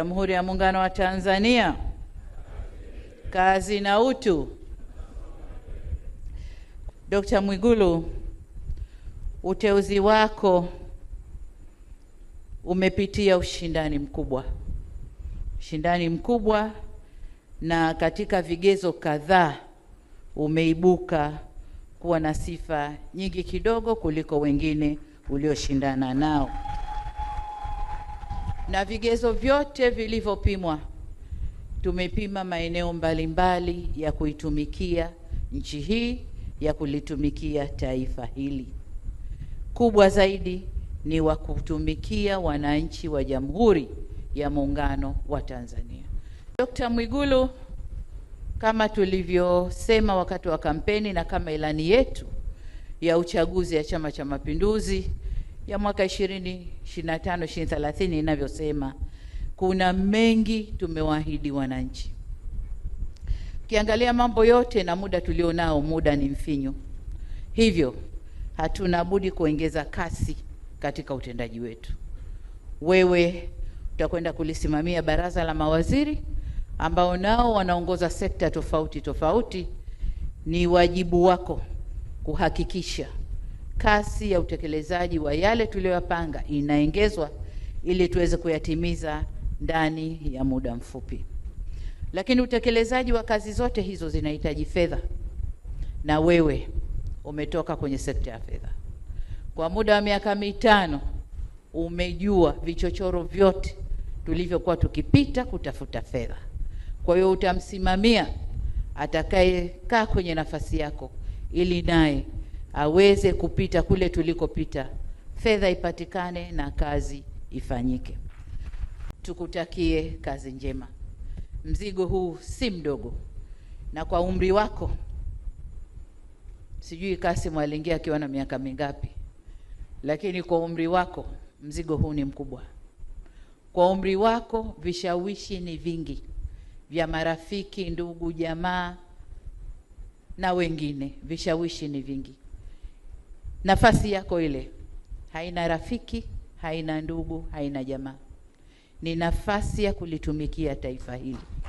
Jamhuri ya Muungano wa Tanzania, kazi na utu. Dkt. Mwigulu, uteuzi wako umepitia ushindani mkubwa, ushindani mkubwa, na katika vigezo kadhaa umeibuka kuwa na sifa nyingi kidogo kuliko wengine ulioshindana nao na vigezo vyote vilivyopimwa. Tumepima maeneo mbalimbali ya kuitumikia nchi hii, ya kulitumikia taifa hili. Kubwa zaidi ni wa kutumikia wananchi wa Jamhuri ya Muungano wa Tanzania. Dkt. Mwigulu, kama tulivyosema wakati wa kampeni na kama ilani yetu ya uchaguzi ya Chama cha Mapinduzi ya mwaka 2025 2030 inavyosema, kuna mengi tumewaahidi wananchi. Ukiangalia mambo yote na muda tulionao, muda ni mfinyo, hivyo hatuna budi kuongeza kasi katika utendaji wetu. Wewe utakwenda kulisimamia baraza la mawaziri ambao nao wanaongoza sekta tofauti tofauti. Ni wajibu wako kuhakikisha kasi ya utekelezaji wa yale tuliyoyapanga inaongezwa ili tuweze kuyatimiza ndani ya muda mfupi. Lakini utekelezaji wa kazi zote hizo zinahitaji fedha, na wewe umetoka kwenye sekta ya fedha kwa muda wa miaka mitano, umejua vichochoro vyote tulivyokuwa tukipita kutafuta fedha. Kwa hiyo utamsimamia atakayekaa kwenye nafasi yako ili naye aweze kupita kule tulikopita, fedha ipatikane na kazi ifanyike. Tukutakie kazi njema. Mzigo huu si mdogo, na kwa umri wako, sijui Kassim aliingia akiwa na miaka mingapi, lakini kwa umri wako mzigo huu ni mkubwa. Kwa umri wako vishawishi ni vingi vya marafiki, ndugu, jamaa na wengine, vishawishi ni vingi nafasi yako ile haina rafiki, haina ndugu, haina jamaa, ni nafasi ya kulitumikia taifa hili.